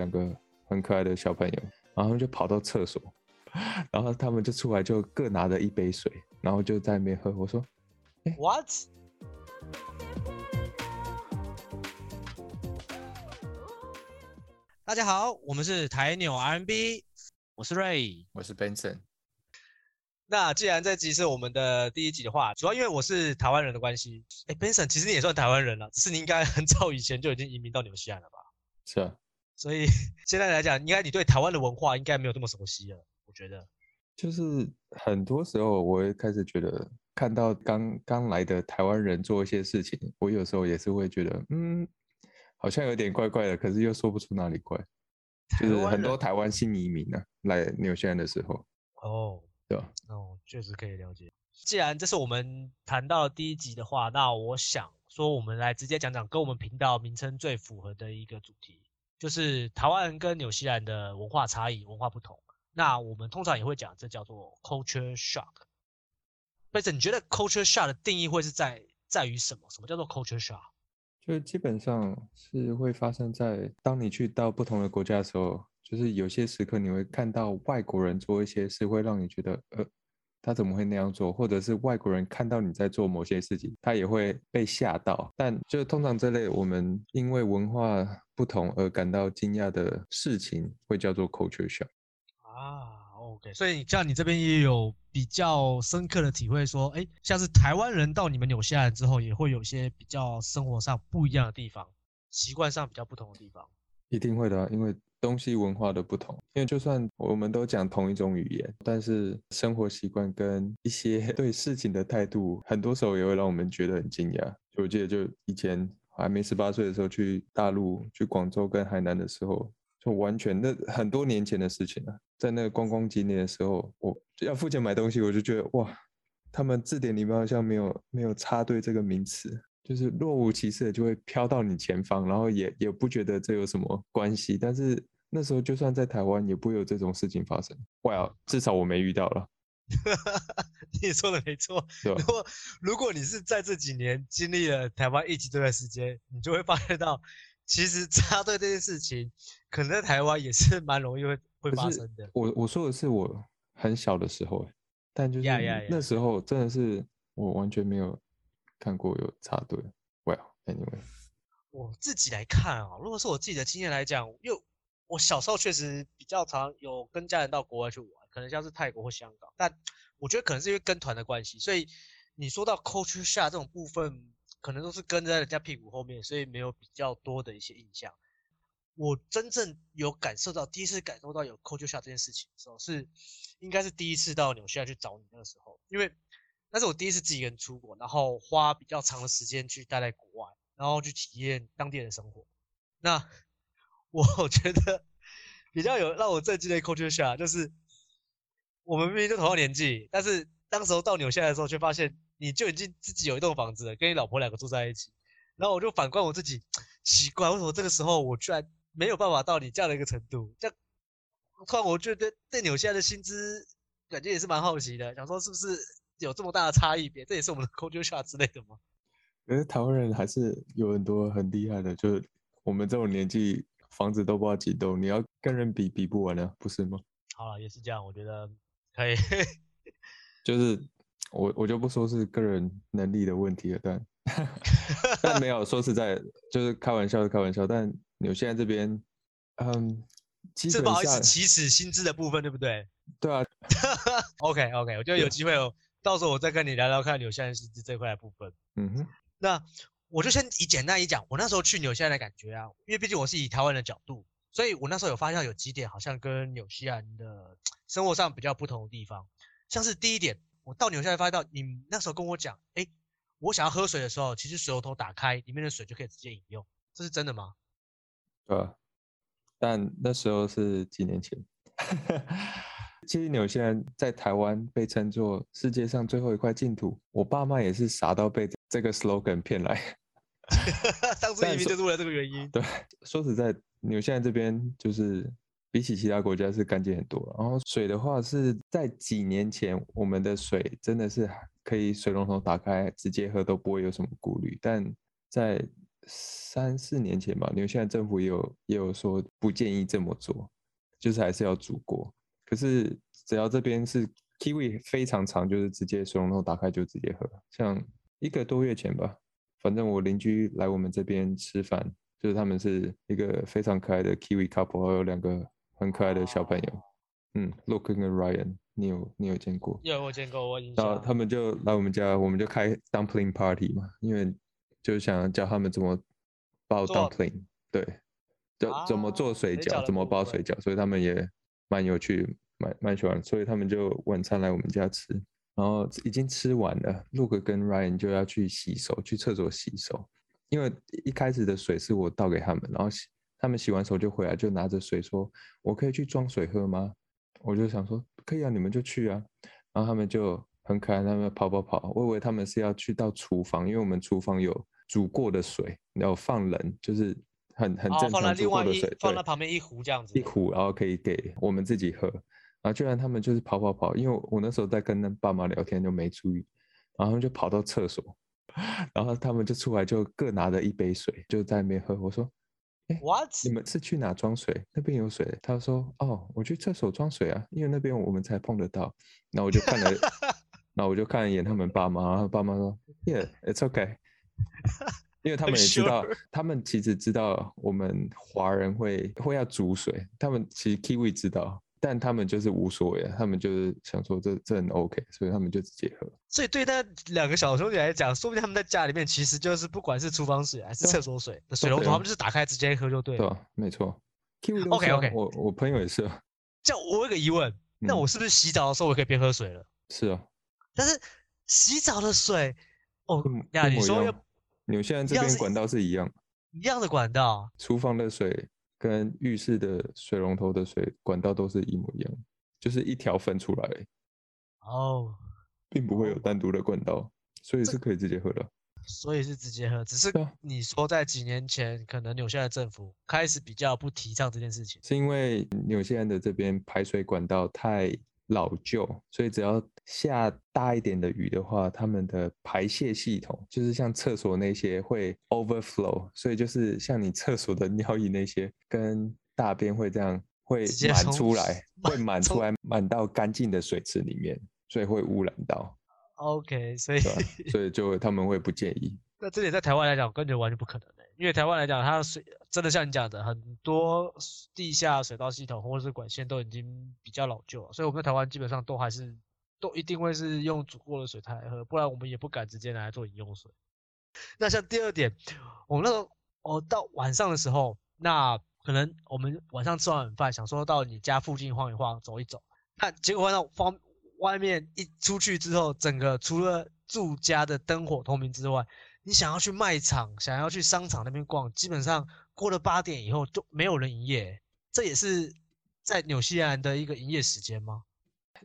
兩個很可愛的小朋友，然後就跑到廁所，然後他們就出來，就各拿了一杯水，然後就在那邊喝。我說、欸、：“What？大家好，我們是台紐 R&B，我是 Ray，我是 Benson。那既然這集是我們的第一集的話，主要因為我是台灣人的關係，哎，Benson 其實你也算台灣人了，只是你應該很早以前就已經移民到紐西蘭了吧？是啊。”所以現在來講，應該你對台灣的文化應該沒有那麼熟悉了，我覺得。就是很多時候我會開始覺得，看到剛剛來的台灣人做一些事情，我有時候也是會覺得，嗯，好像有點怪怪的，可是又說不出哪裡怪。就是很多台灣新移民呢、啊、來紐西蘭的時候。哦，對吧？哦，確實可以了解。既然這是我們談到第一集的話，那我想說，我們來直接講講跟我們頻道名稱最符合的一個主題。就是台灣人跟紐西蘭的文化差異，文化不同。那我們通常也會講這叫做 culture shock。但是 你覺得 culture shock 的定義會是在在於什麼？什麼叫做 culture shock？就基本上是會發生在當你去到不同的國家的時候，就是有些時刻你會看到外國人做一些事會讓你覺得呃。他怎麼會那樣做？或者是外國人看到你在做某些事情，他也會被嚇到。但就通常這類我們因為文化不同而感到驚訝的事情，會叫做 culture shock 啊。OK，所以像你這邊也有比較深刻的體會，說，哎，像是台灣人到你們紐西蘭之後，也會有些比較生活上不一樣的地方，習慣上比較不同的地方，一定會的啊，因為。東西文化的不同，因為就算我們都講同一種語言，但是生活習慣跟一些對事情的態度，很多時候也會讓我們覺得很驚訝。我記得就以前還沒十八歲的時候去大陸、去廣州跟海南的時候，就完全那很多年前的事情了。在那個觀光景點的時候，我要付錢買東西，我就覺得哇，他們字典裡面好像沒有“沒有插隊”這個名詞，就是若無其事的就會飄到你前方，然後也也不覺得這有什麼關係，但是。那時候就算在台灣也不會有這種事情發生。哇，至少我沒遇到了。 你說的沒錯。如果吧，如果你是在這幾年經歷了台灣疫情這段時間，你就會發現到，其實插隊這件事情可能在台灣也是蠻容易會發生的。我我說的是我很小的時候欸，但就是那時候真的是我完全沒有看過有插隊。哇，Anyway，我自己來看啊，如果是我自己的經驗來講，又。我小時候確實比較常有跟家人到國外去玩，可能像是泰國或香港，但我覺得可能是因為跟團的關係，所以你說到 coach 下這種部分，可能都是跟在人家屁股後面，所以沒有比較多的一些印象。我真正有感受到，第一次感受到有 coach 下這件事情的時候，是應該是第一次到紐西蘭去找你那個時候，因為那是我第一次自己人出國，然後花比較長的時間去待在國外，然後去體驗當地人的生活。那我覺得比較有讓我震驚的一個 culture shock，就是我們明明都同個年紀，但是當時候到紐西蘭的時候，卻發現你就已經自己有一棟房子，跟你老婆兩個住在一起。然後我就反觀我自己，奇怪為什麼這個時候我居然沒有辦法到你這樣的一個程度。這樣，突然我覺得對紐西蘭的薪資感覺也是蠻好奇的，想說是不是有這麼大的差異別？這也是我們的 culture shock 之類的嗎？因為台灣人還是有很多很厲害的，就是我們這種年紀。房子都不知道幾，你要跟人比，比不完了，啊、不是嗎？好了，也是這樣，我覺得可以。 就是我，我就不說是個人能力的問題了，但呵呵但沒有 說實在，就是開玩笑是開玩笑，但紐西蘭這邊，嗯，這不好意思，起始薪資的部分對不對？對啊。 OK OK，我覺得有機會哦，對到時候我再跟你聊聊看紐西蘭薪資這塊的部分。嗯哼。那。我就先以簡單一講，我那時候去紐西蘭的感覺啊，因為畢竟我是以台灣的角度，所以我那時候有發現有幾點好像跟紐西蘭的生活上比較不同的地方，像是第一點，我到紐西蘭發現到，你那時候跟我講，哎、欸，我想要喝水的時候，其實水龍頭打開，裡面的水就可以直接飲用，這是真的嗎？對、啊，但那時候是幾年前。 其實紐西蘭在台灣被稱作世界上最後一塊淨土，我爸媽也是傻到被這個 slogan 騙來。當初移民就是為了這個原因。對，說實在，紐西蘭這邊就是比起其他國家是乾淨很多，然後水的話是在幾年前，我們的水真的是可以水龍頭打開直接喝都不會有什麼顧慮。但在三四年前吧，紐西蘭政府也有也有說不建議這麼做，就是還是要煮過。可是只要這邊是 Kiwi 非常長，就是直接水龍頭打開就直接喝。像一個多月前吧，反正我鄰居來我們這邊吃飯，就是他們是一個非常可愛的 Kiwi couple，還有兩個很可愛的小朋友，嗯，Luke 跟 Ryan，你有你有見過？有，我見過，我。然後他們就來我們家，我們就開 dumpling party 嘛，因為就想教他們怎麼包 dumpling，了，對，怎怎麼做水餃，啊、怎麼包水餃，所以他們也蠻有趣，蠻蠻喜歡，所以他們就晚餐來我們家吃。然後已經吃完了 Luke 跟 Ryan 就要去洗手，去廁所洗手。因為一開始的水是我倒給他們，然後洗，他們洗完手就回來，就拿着水說：“我可以去裝水喝嗎？”我就想說：“可以啊，你們就去啊。”然後他們就很可愛，他們跑跑跑。我以為他們是要去到廚房，因為我們廚房有煮過的水要放冷，就是很很正常煮過的水，放在旁邊一壺這樣子。一壺，然後可以給我們自己喝。然後居然他們就是跑跑跑，因為我那時候在跟那爸媽聊天就沒注意，然後他們就跑到廁所，然後他們就出來就各拿了一杯水，就在那邊喝。我說：“誒，What? 你們是去哪裝水？那邊有水。”他說：“哦，我去廁所裝水啊，因為那邊我們才碰得到。”然後我就看了， 然後我就看了一眼他們爸媽，然後爸媽說 ：“Yeah, it's okay。”因為他們也知道，他們其實知道我們華人會會要煮水，他們其實 Kiwi 知道。但他們就是無所謂啊，他們就是想說這這很 OK，所以他們就直接喝。所以對他兩個小兄弟來講，說不定他們在家裡面其實就是不管是廚房水還是廁所水，對水龍頭他們就是打開直接喝就對，了對，對，對。對，沒錯。啊、OK OK，我我朋友也是、啊。這我有個疑問，那我是不是洗澡的時候我可以邊喝水了？嗯、是啊。但是洗澡的水，哦呀や，你說，你們現在這邊管道是一樣，一樣是，一樣的管道，廚房的水。跟浴室的水龍頭的水管道都是一模一樣，就是一條分出來，哦，oh. 並不會有單獨的管道，所以是可以直接喝的。所以是直接喝，只是你說在幾年前，可能紐西蘭政府開始比較不提倡這件事情，是因為紐西蘭的這邊排水管道太老舊，所以只要下大一點的雨的話，他們的排泄系統就是像廁所那些會 overflow，所以就是像你廁所的尿液那些跟大便會這樣會滿出來，會滿出來滿到乾淨的水池裡面，所以會污染到。OK，所以所以就他們會不建議。那這點在台灣來講，我感覺完全不可能欸，因為台灣來講，它水真的像你講的，很多地下水道系統或者是管線都已經比較老舊了，所以我們在台灣基本上都還是，都一定會是用煮過的水來喝，不然我們也不敢直接拿來做飲用水。那像第二點，我們那個哦到晚上的時候，那可能我們晚上吃完晚飯，想說到你家附近晃一晃，走一走，那結果那方外面一出去之後，整個除了住家的燈火通明之外，你想要去賣場，想要去商場那邊逛，基本上過了八點以後就沒有人營業。這也是在紐西蘭的一個營業時間嗎？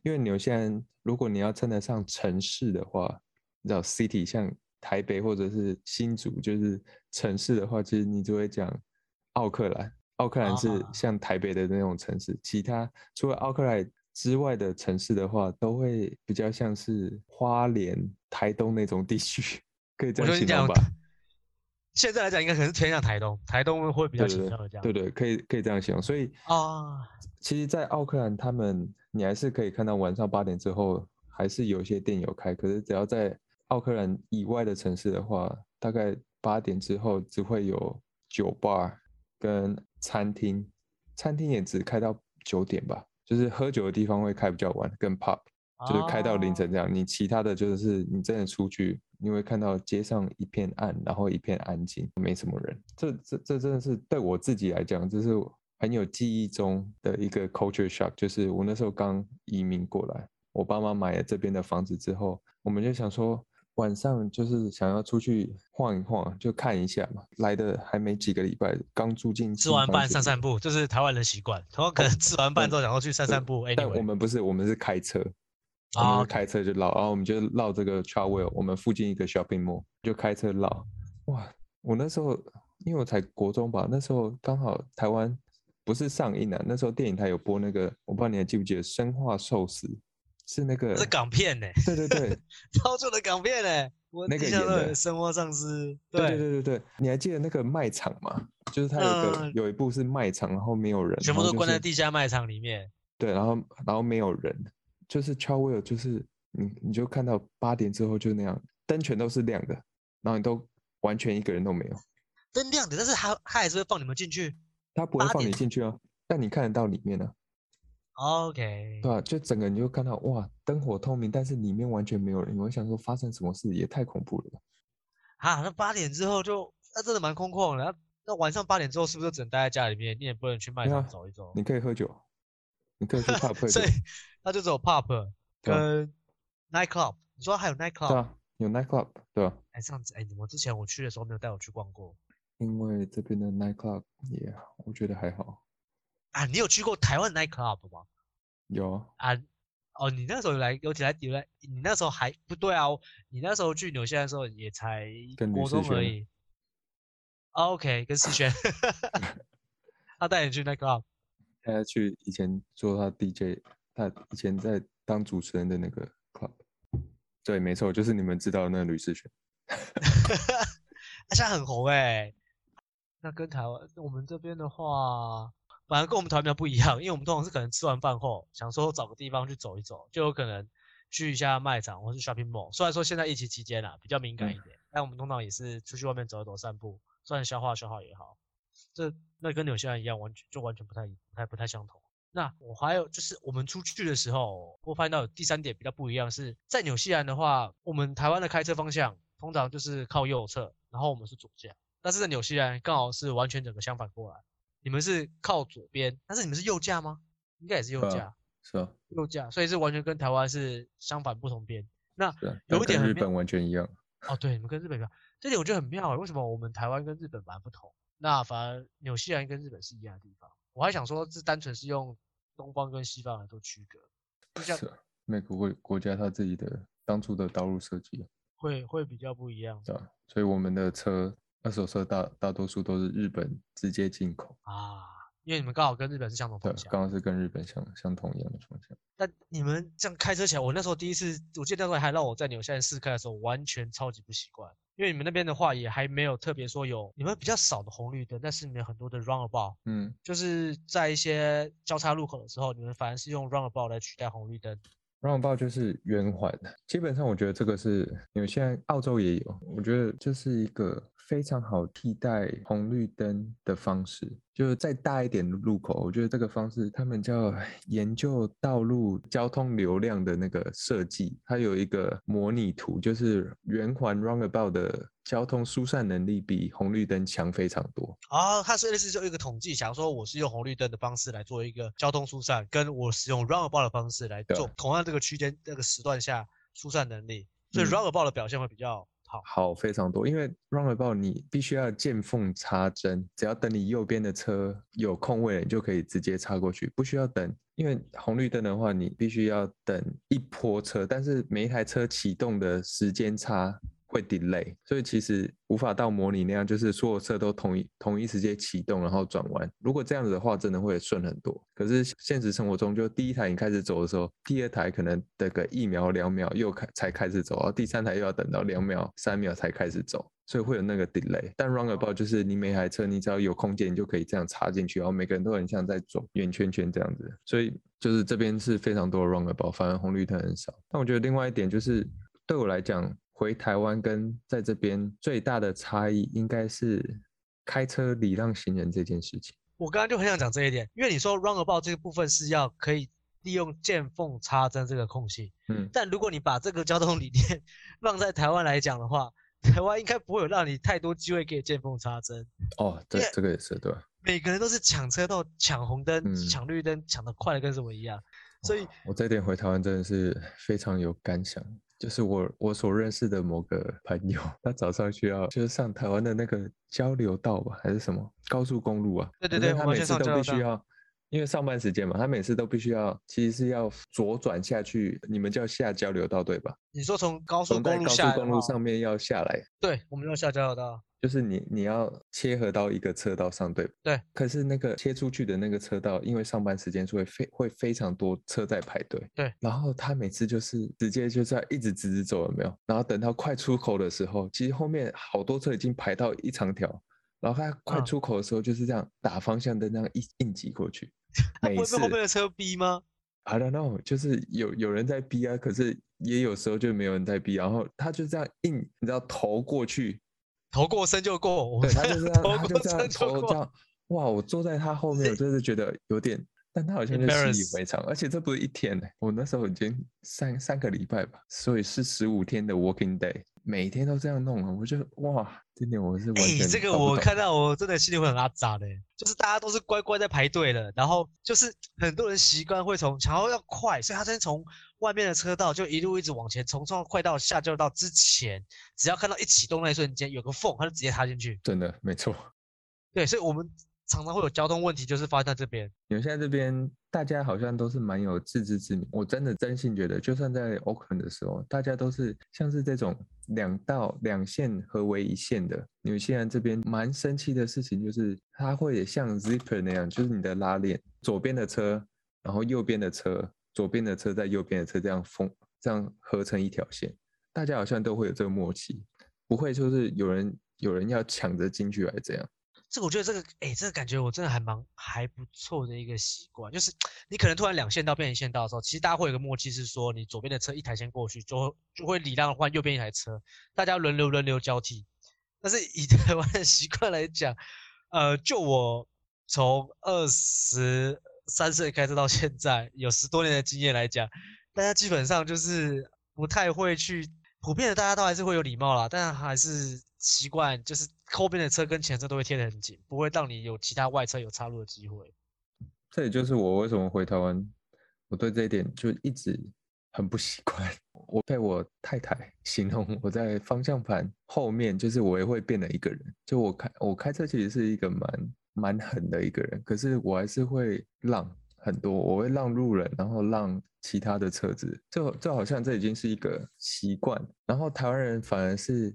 因為紐西蘭，如果你要稱得上城市的話，你知道 city，像台北或者是新竹，就是城市的話，其實你就會講奧克蘭。奧克蘭是像台北的那種城市，啊、其他除了奧克蘭之外的城市的話，都會比較像是花蓮、台東那種地區。可以這樣吧這樣。現在來講，應該可能是偏向台東，台東會比較傾向對，對對，可以可以這樣形容。所以啊，uh、其實，在奧克蘭他們，你還是可以看到晚上八點之後還是有一些店有開，可是只要在奧克蘭以外的城市的話，大概八點之後只會有酒吧跟餐廳，餐廳也只開到九點吧，就是喝酒的地方會開比較晚，跟 p 就是開到凌晨這樣，oh. 你其他的就是你真的出去，你會看到街上一片暗，然後一片安靜，沒什麼人。這這這真的是對我自己來講，就是很有記憶中的一個 culture shock。就是我那時候剛移民過來，我爸媽買了這邊的房子之後，我們就想說晚上就是想要出去晃一晃，就看一下嘛。來的還沒幾個禮拜，剛住進去，吃完飯散散步，就是台灣的習慣。台灣可能吃完飯之後，然後去散散步。哎，oh. oh. 但我們不是，我們是開車。然後開車就繞、oh, okay. 然後我們就繞這個車位，我們附近一個 shopping mall 就開車繞。哇，我那時候因為我才國中吧，那時候剛好台灣不是上映啊，那時候電影台有播那個，我不知道你還記不記得《生化壽司》，是那個是港片呢、欸？對對對，超舊、 欸、的港片呢，那個叫的《生化喪屍》。對對對對對，你還記得那個賣場嗎？就是它有個、嗯、有一部是賣場，然後沒有人，全部都關在地下賣場裡面。就是、對，然後然後沒有人。就是超威了，就是你，你就看到八點之後就那樣，燈全都是亮的，然後你都完全一個人都沒有。燈亮的，但是他他還是會放你們進去。他不會放你進去啊，點但你看得到裡面呢、啊。OK。對啊，就整個你就看到哇，燈火通明，但是裡面完全沒有人。我想說發生什麼事也太恐怖了吧、啊啊。啊，那八點之後就那真的蠻空曠的。那那晚上八點之後是不是就只能待在家裡面？你也不能去賣場走一走。啊、你可以喝酒。你可以去可以 所以他就只有 pop 對跟 night club。你說還有 night club？、啊、有 night club，對吧、啊？哎，這樣子，哎，我之前我去的時候沒有帶我去逛過，因為這邊的 night club 也我覺得還好。啊，你有去過台灣的 night club 嗎？有啊。啊，哦，你那時候來，尤其來，你那時候還不對啊？你那時候去紐西蘭的時候也才國中而已、啊、OK，跟思璇。他、 啊、帶你去 night club。他去以前做他 DJ，他以前在當主持人的那個 club，對，沒錯，就是你們知道的那個呂思璇 他現在很紅哎。那跟台灣我們這邊的話，反而跟我們台灣不一樣，因為我們通常是可能吃完飯後，想說找個地方去走一走，就有可能去一下賣場或是 shopping mall。雖然說現在疫情期間啦、啊，比較敏感一點，嗯、但我們通常也是出去外面走一走、散步，算消化消化也好。這。那跟紐西蘭一樣，完全就完全不太、不太、不太相同。那我還有就是，我們出去的時候，我會發現到有第三點比較不一樣是，是在紐西蘭的話，我們台灣的開車方向通常就是靠右側，然後我們是左駕。但是在紐西蘭剛好是完全整個相反過來，你們是靠左邊，但是你們是右駕嗎？應該也是右駕、啊，是啊，右駕，所以是完全跟台灣是相反不同邊。那、啊、有一點跟日本完全一樣哦，對，你們跟日本一樣，這點我覺得很妙、欸，為什麼我們台灣跟日本蠻不同？那反而紐西蘭跟日本是一樣的地方，我還想說，是單純是用東方跟西方來做區隔，不是每、啊、個國會國家它自己的當初的道路設計會會比較不一樣，對，所以我們的車二手車大大多數都是日本直接進口啊，因為你們剛好跟日本是相同方向，剛好是跟日本相相同一樣的方向。那你們這樣開車起來，我那時候第一次，我記得那時候還讓我在紐西蘭試開的時候，完全超級不習慣。因為你們那邊的話也還沒有特別說有你們比較少的紅綠燈，但是你們很多的 roundabout，嗯，就是在一些交叉路口的時候，你們反而是用 roundabout 來取代紅綠燈。roundabout 就是圓環，基本上我覺得這個是，你們現在澳洲也有，我覺得這是一個。非常好替代紅綠燈的方式，就是再大一點的路口。我覺得這個方式，他們叫研究道路交通流量的那個設計，它有一個模擬圖，就是圓環 roundabout 的交通疏散能力比紅綠燈強非常多啊。它是類似有一個統計，假如說我是用紅綠燈的方式來做一個交通疏散，跟我使用 roundabout 的方式來做對同樣這個區間、這、那個時段下疏散能力，所以 roundabout 的表現會比較。嗯好，好，非常多，因為 roundabout 你必須要見縫插針，只要等你右邊的車有空位了，你就可以直接插過去，不需要等，因為紅綠燈的話，你必須要等一波車，但是每一台車啟動的時間差會 delay，所以其實無法到模擬那樣，就是所有車都同一同一時間啟動然後轉彎。如果這樣子的話，真的會順很多。可是現實生活中，就第一台你開始走的時候，第二台可能等個一秒兩秒又開才開始走，然後第三台又要等到兩秒三秒才開始走，所以會有那個 delay。但 roundabout 就是你每台車，你只要有空間，你就可以這樣插進去，然後每個人都很像在走圓圈圈這樣子，所以就是這邊是非常多 roundabout 反而紅綠燈很少。但我覺得另外一點就是，對我來講，回台灣跟在這邊最大的差異應該是開車禮讓行人這件事情。我剛剛就很想講這一點，因為你說 roundabout 這個部分是要可以利用見縫插針這個空隙，嗯，但如果你把這個交通理念放在台灣來講的話，台灣應該不會有讓你太多機會可以見縫插針。哦，對，這個也是對吧？每個人都是搶車道、搶紅燈、嗯、搶綠燈，搶的快的跟什麼一樣，所以我這一點回台灣真的是非常有感想。就是我我所認識的某個朋友，他早上需要就是上台灣的那個交流道吧，還是什麼高速公路啊？對對對，他每次都必須要，因為上班時間嘛，他每次都必須要，其實是要左轉下去，你們叫下交流道對吧？你說從高速公路，從高速公路上面要下來，對我們要下交流道。就是你你要切合到一個車道上，對對。對。可是那個切出去的那個車道，因為上班時間會非會非常多車在排隊。對。然後他每次就是直接就這樣一直直直走了沒有，然後等到快出口的時候，其實後面好多車已經排到一長條，然後他快出口的時候就是這樣、啊、打方向燈，這樣硬擠過去。那不是後面的車逼嗎？I don't know，就是有有人在逼啊，可是也有時候就沒有人在逼，然後他就這樣硬，你知道頭過去。頭過身就過我他就這樣，就這樣，過過哇，我坐在他後面，是我真的覺得有點，但他好像就習以為常，embarrassed. 而且這不是一天、欸、我那時候已經三三個禮拜吧，所以是十五天的 working day，每天都這樣弄了，我覺得哇，今天我是完全。哎，這個我看到，我真的心裡會很阿扎的，欸，就是大家都是乖乖在排隊的，然後就是很多人習慣會從搶要，要快，所以他先從。外面的車道就一路一直往前，從上快到下交流道之前，只要看到一啟動那一瞬間有個縫，它就直接插進去。真的，沒錯。對，所以我們常常會有交通問題，就是發生在這邊。你們現在這邊大家好像都是蠻有自知之明，我真的真心覺得，就算在 Oakland 的時候，大家都是像是這種兩道兩線合為一線的。你們現在這邊蠻生氣的事情就是，它會像 zipper 那樣，就是你的拉鏈，左邊的車，然後右邊的車。左邊的車在右邊的車這樣封，這樣合成一條線，大家好像都會有這個默契，不會就是有人有人要搶着進去來這樣。這個我覺得這個哎、欸，這個感覺我真的還蠻還不錯的一個習慣，就是你可能突然兩線道變成一線道的時候，其實大家會有一個默契，是說你左邊的車一台先過去，就就會禮讓換右邊一台車，大家輪流輪流交替。但是以台灣的習慣來講，呃，就我從二十。三歲開車到現在有十多年的經驗來講，大家基本上就是不太會去，普遍的大家都還是會有禮貌啦，但還是習慣就是後邊的車跟前車都會貼得很緊，不會讓你有其他外車有插入的機會。這也就是我為什麼回台灣，我對這一點就一直很不習慣。我被我太太形容我在方向盤後面，就是我也會變了一個人。就我開我開車其實是一個蠻蠻狠的一個人，可是我還是會讓很多，我會讓路人，然後讓其他的車子，就就好像這已經是一個習慣。然後台灣人反而是，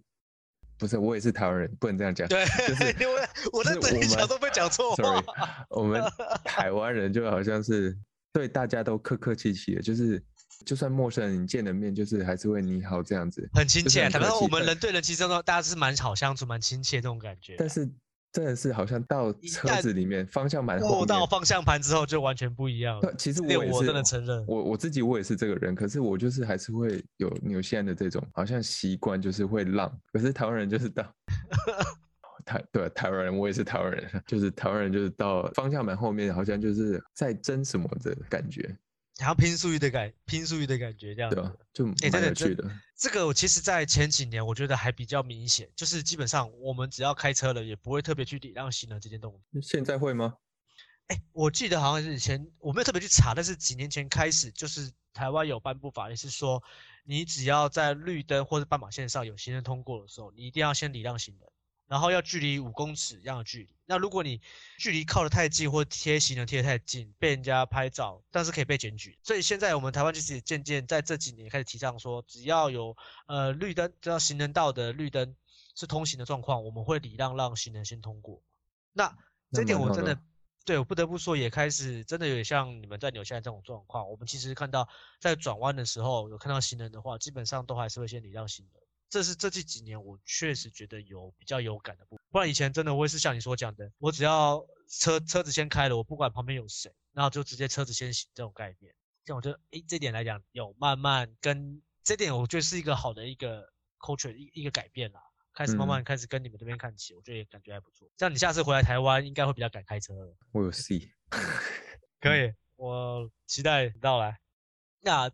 不是我也是台灣人，不能這樣講，對，就是因為 我，我在等你講都被講錯話。Sorry, 我們台灣人就好像是對大家都客客氣氣的，就是就算陌生人見了面，就是還是會你好這樣子，很親切、啊。反正我們人對人其實都大家是蠻好相處，蠻親切的那種感覺、啊。但是。真的是好像到車子裡面，看方向盤，後到我方向盤之後就完全不一樣了。其實我我真的承認，我我自己我也是這個人，可是我就是還是會有有紐西蘭的這種好像習慣，就是會浪。可是台灣人就是到、 哦、台對、啊、台灣人，我也是台灣人，就是台灣人就是到方向盤後面，好像就是在爭什麼的感覺。還要拼速度的感，拼速度的感覺，這樣子。對，就蠻有趣的。欸，真的，這。這個我其實在前幾年，我覺得還比較明顯，就是基本上我們只要開車了，也不會特別去禮讓行人這件動物，現在會嗎？哎、欸，我記得好像是以前我沒有特別去查，但是幾年前開始，就是台灣有頒布法律，是說你只要在綠燈或者斑馬線上有行人通過的時候，你一定要先禮讓行人。然後要距離五公尺一樣的距離。那如果你距離靠得太近，或貼行人貼得太近，被人家拍照，但是可以被檢舉。所以現在我們台灣就是漸漸在這幾年開始提倡說，只要有呃綠燈，只要行人道的綠燈是通行的狀況，我們會禮讓讓行人先通過。那這點我真的、嗯、對，我不得不說，也開始真的有點像你們在紐西蘭這種狀況。我們其實看到在轉彎的時候有看到行人的話，基本上都還是會先禮讓行人。這是這這幾、幾年，我確實覺得有比較有感的部分。不然以前真的我也是像你說講的，我只要車車子先開了，我不管旁邊有誰，然後就直接車子先行這種概念。這樣我覺得，誒，這點來講有慢慢跟這點，我覺得是一個好的一個 culture 一一個改變啦，開始慢慢開始跟你們這邊看齊，嗯、我覺得也感覺還不錯。像你下次回來台灣，應該會比較敢開車了。我有 C， 可以，嗯、我期待到來。那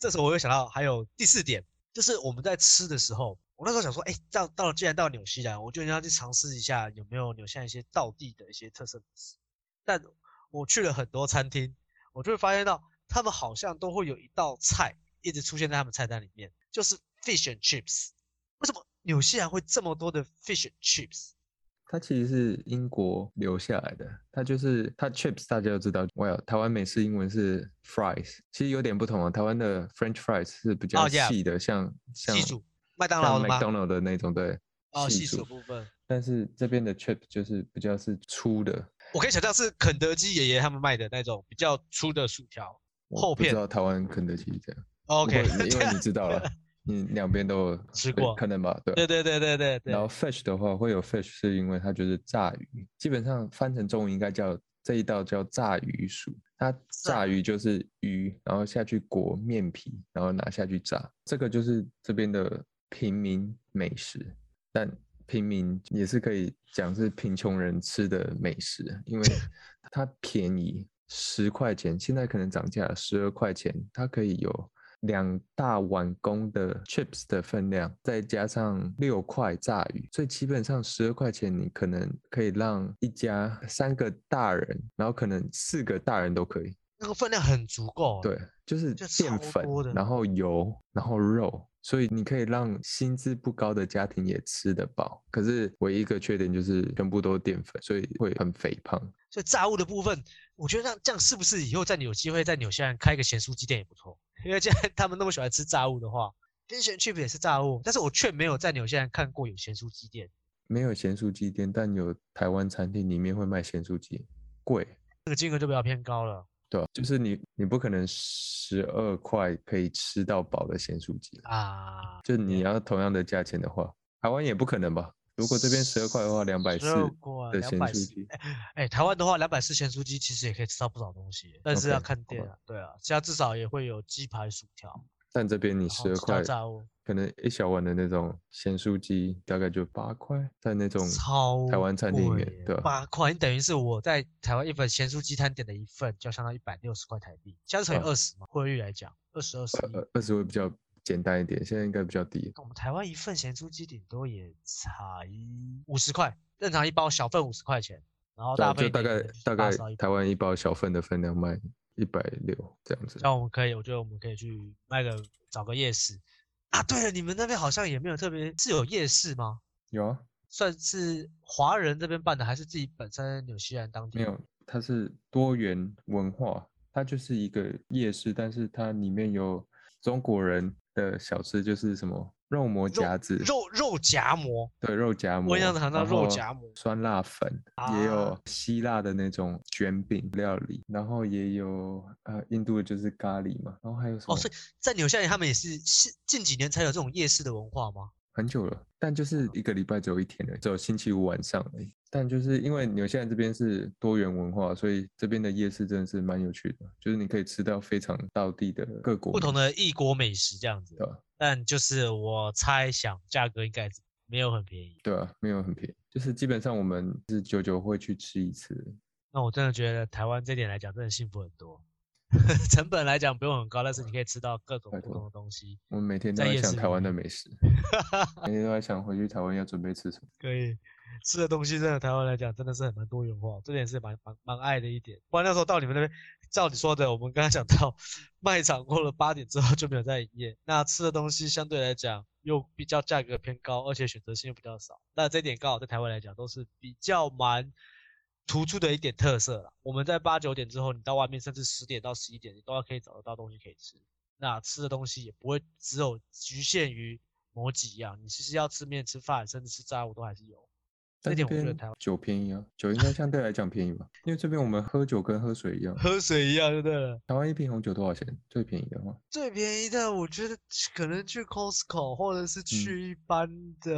這時候我又想到還有第四點。就是我們在吃的時候，我那時候想說，哎、欸，到到了，既然到了紐西蘭，我就應該去嘗試一下有沒有紐西蘭一些道地的一些特色美食。但我去了很多餐廳，我就會發現到，他們好像都會有一道菜一直出現在他們菜單裡面，就是 fish and chips。為什麼紐西蘭會這麼多的 fish and chips？它其實是英國留下來的，它就是它 chips 大家都知道，well 台灣美式英文是 fries，其實有點不同啊，台灣的 French fries 是比較細的，oh, yeah. 像像麥當勞的麥當勞的那種，對，哦、oh, 細薯細部分，但是這邊的 chips 就是比較是粗的，我可以想象是肯德基爺爺他們賣的那種比較粗的薯條，厚片。我不知道台灣肯德基這樣、oh,，OK， 因為你知道了。 你兩邊都吃過，可能吧，對，對,對對對對對。然後 fish 的話會有 fish，是因為它就是炸魚，基本上翻成中文應該叫這一道叫炸魚薯，它炸魚就是魚，是然後下去裹面皮，然後拿下去炸，這個就是這邊的平民美食，但平民也是可以講是貧窮人吃的美食，因為它便宜，十 塊錢，現在可能漲價十二塊錢，它可以有。兩大碗公的 chips 的分量，再加上六塊炸魚，所以基本上十二塊錢，你可能可以讓一家三個大人，然後可能四個大人都可以。那個分量很足夠。對，就是澱粉，然後油，然後肉，所以你可以讓薪資不高的家庭也吃得飽。可是唯一一個缺點就是全部都是澱粉，所以會很肥胖。所以炸物的部分，我覺得這樣這樣是不是以後你有機會在紐西蘭開一個鹹酥雞店也不錯？因為既然他們那麼喜歡吃炸物的話，Fish and chips 也是炸物，但是我卻沒有在紐西蘭看過有鹹酥雞店。沒有鹹酥雞店，但有台灣餐廳裡面會賣鹹酥雞，貴，這個金額就比較偏高了。對、啊，就是你你不可能十二塊可以吃到飽的鹹酥雞啊，就你要同樣的價錢的話，台灣也不可能吧？如果這邊十二塊的話，兩百四。十二塊，兩百四。哎，台灣的話，兩百四鹹酥雞其實也可以吃到不少東西，但是要看店啊。Okay, okay. 對啊，這樣至少也會有雞排、薯條。但這邊你十二塊，可能一小碗的那種鹹酥雞大概就八塊，在那種台灣餐廳裡面，八塊你等於是我在台灣一份鹹酥雞攤點的一份，就要相當一百六十塊台幣，乘以二十嘛？匯率、啊、來講，二十二十，二二十會比較。簡單一點，現在應該比較低。我們台灣一份鹹酥雞頂多也才五十塊，正常一包小份五十塊錢，然後大份大概，大概台灣一包小份的分量賣一百六這樣子。那我們可以，我覺得我們可以去賣個，找個夜市。啊，對了，你們那邊好像也沒有特別，是有夜市嗎？有啊。算是華人這邊辦的，還是自己本身紐西蘭當地？沒有，它是多元文化，它就是一個夜市，但是它裡面有中國人的小吃就是什麼肉饃夾子、肉肉，肉夾饃，對，肉夾饃。我上次嘗到肉夾饃、酸辣粉，啊、也有希臘的那種卷餅料理，然後也有呃印度的就是咖喱嘛，然後還有什麼？哦，所以在紐西蘭他們也是近近幾年才有這種夜市的文化嗎？很久了，但就是一個禮拜只有一天的，只有星期五晚上而已。但就是因為紐西蘭這邊是多元文化，所以這邊的夜市真的是蠻有趣的，就是你可以吃到非常道地的各國不同的異國美食這樣子。對啊，但就是我猜想價格應該沒有很便宜。對啊，沒有很便宜，就是基本上我們是久久會去吃一次。那我真的覺得台灣這點來講，真的幸福很多。 成本來講不用很高，但是你可以吃到各種不同的東西。我們每天都在想台灣的美食， 每天都在想回去台灣要準備吃什麼？可以。吃的東西，真的台灣來講，真的是很蠻多元化，這點是蠻蠻蠻愛的一點。不然那時候到你們那邊，照你說的，我們剛剛講到，賣場過了八點之後就沒有再營業，那吃的東西相對來講又比較價格偏高，而且選擇性又比較少。那這點剛好在台灣來講都是比較蠻突出的一點特色啦。我們在八九點之後，你到外面，甚至十點到十一點，你都要可以找得到東西可以吃。那吃的東西也不會只有局限於某幾樣，你其實要吃麵、吃飯，甚至吃炸物都還是有。那邊酒便宜啊，酒應該相對來講便宜吧？ 因為這邊我們喝酒跟喝水一樣，喝水一樣對，對不對？台灣一瓶紅酒多少錢？最便宜的話，最便宜的我覺得可能去 Costco 或者是去一般的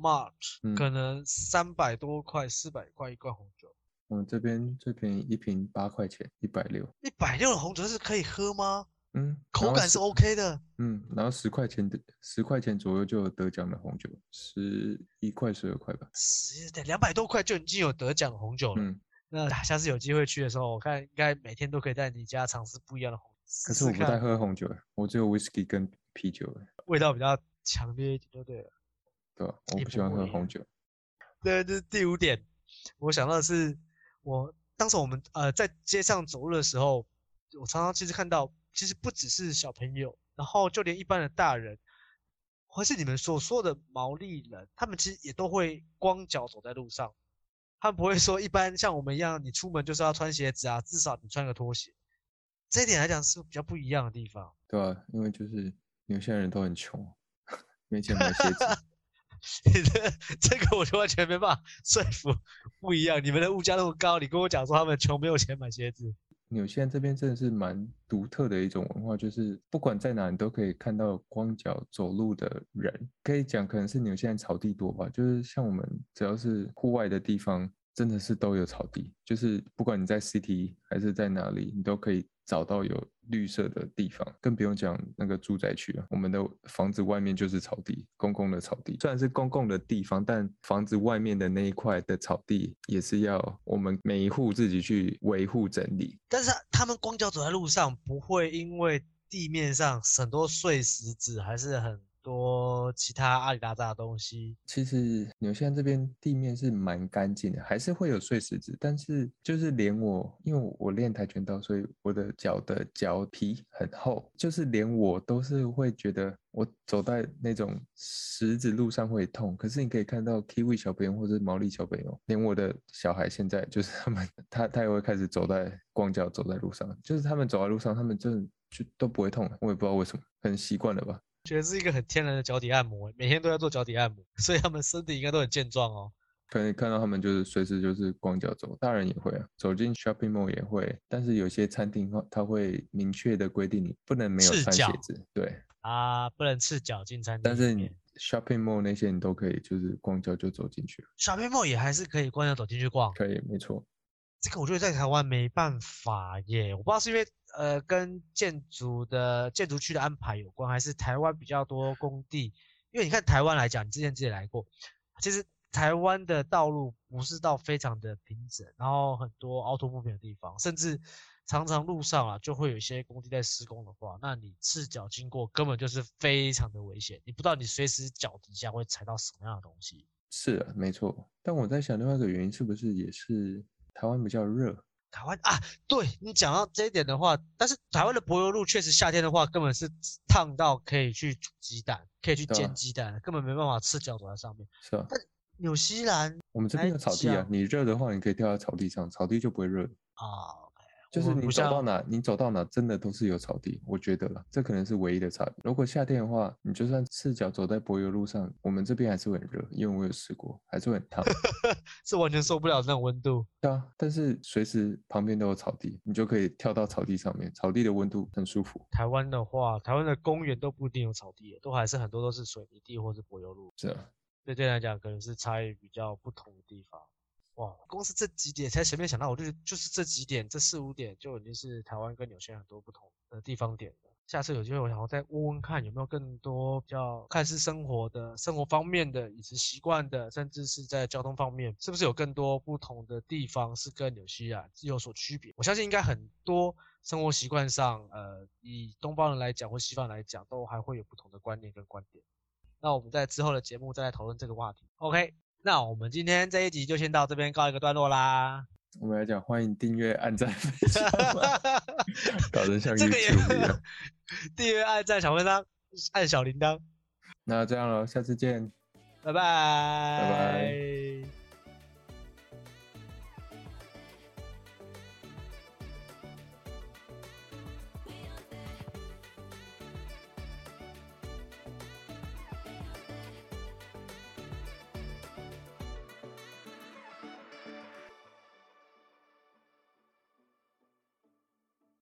Mart 可能三百多塊、四百塊一罐紅酒。我們這邊最便宜一瓶八塊錢，一百六。一百六的紅酒是可以喝嗎？嗯，口感是 OK 的。嗯，然後十塊錢的，十塊錢左右就有得獎的紅酒，十一塊、十二塊吧，十、對、兩百多塊就已經有得獎的紅酒了。嗯，那下次有機會去的時候，我看應該每天都可以在你家嘗試不一樣的紅酒。試試，可是我不太喝紅酒，我只有 whisky 跟啤酒。味道比較強烈一點，就對了。對，我不喜歡喝紅酒。對，這、就是第五點，我想到的是，我當時我們呃在街上走路的時候，我常常其實看到。其實不只是小朋友，然後就連一般的大人，或是你們所說的毛利人，他們其實也都會光腳走在路上，他們不會說一般像我們一樣，你出門就是要穿鞋子啊，至少你穿個拖鞋。這一點來講是比較不一樣的地方。對啊，因為就是有些人都很窮，沒錢買鞋子。 你這這個我就完全沒辦法說服，不一樣，你們的物價那麼高，你跟我講說他們窮，沒有錢買鞋子。紐西蘭這邊真的是蠻獨特的一種文化，就是不管在哪，你都可以看到光腳走路的人，可以講可能是紐西蘭草地多吧，就是像我們只要是戶外的地方。真的是都有草地，就是不管你在 city 還是在哪裡，你都可以找到有綠色的地方，更不用講那個住宅區了啊，我們的房子外面就是草地，公共的草地，雖然是公共的地方，但房子外面的那一塊的草地也是要我們每一戶自己去維護整理。但是他們光腳走在路上，不會因為地面上很多碎石子還是很。多其他阿里巴薩的東西。其實你們現在這邊地面是蠻乾淨的，還是會有碎石子，但是就是連我，因為我，我練跆拳道，所以我的腳的腳皮很厚，就是連我都是會覺得我走在那種石子路上會痛。可是你可以看到 Kiwi 小朋友或者毛利小朋友，連我的小孩現在就是他們，他他也會開始走在光腳走在路上，就是他們走在路上，他們就就都不會痛，我也不知道為什麼，很習慣了吧。覺得是一個很天然的腳底按摩，每天都在做腳底按摩，所以他們身體應該都很健壯哦。可以看到他們就是隨時就是光腳走，大人也會啊，走進 shopping mall 也會，但是有些餐廳它會明確的規定你不能沒有穿鞋子，赤腳，對啊，不能赤腳進餐廳。但是 shopping mall 那些你都可以就是光腳就走進去了，shopping mall 也還是可以光腳走進去逛，可以，沒錯。這個我覺得在台灣沒辦法耶，我不知道是因為。呃，跟建築的建築區的安排有關，還是台灣比較多工地？因為你看台灣來講，你之前自己來過，其實台灣的道路不是到非常的平整，然後很多凹凸不平的地方，甚至常常路上啊就會有一些工地在施工的話，那你赤腳經過根本就是非常的危險，你不知道你隨時腳底下會踩到什麼樣的東西。是啊，沒錯。但我在想另外一個原因，是不是也是台灣比較熱？台灣啊，對，你講到這一點的話，但是台灣的柏油路確實夏天的話，根本是燙到可以去煮雞蛋，可以去煎雞蛋，啊、根本沒辦法赤腳走在上面。是啊，但紐西蘭我們這邊有草地啊，你熱的話，你可以跳到草地上，草地就不會熱啊。就是你走，你走到哪，你走到哪，真的都是有草地，我覺得了，這可能是唯一的差別。如果夏天的話，你就算赤腳走在柏油路上，我們這邊還是會很熱，因為我有試過，還是很燙， 是完全受不了那種溫度。對啊，但是隨時旁邊都有草地，你就可以跳到草地上面，草地的溫度很舒服。台灣的話，台灣的公園都不一定有草地，都還是很多都是水泥地或是柏油路。是啊，對這樣來講，可能是差異比較不同的地方。哇，光是這幾點才隨便想到，我就就是這幾點，這四五點就已經是台灣跟紐西蘭很多不同的地方點了。下次有機會，我想要再問問看有沒有更多比較看似生活的、生活方面的，以及習慣的，甚至是在交通方面，是不是有更多不同的地方是跟紐西蘭有所區別？我相信應該很多生活習慣上，呃，以東方人來講或西方人來講，都還會有不同的觀念跟觀點。那我們在之後的節目再來討論這個話題。OK。那我們今天這一集就先到這邊告一個段落啦。我們來講，歡迎訂閱、按讚， 搞得像一樣這個也是， 訂閱、按讚、小鈴鐺，按小鈴鐺。那這樣咯，下次見，拜拜 bye，拜拜。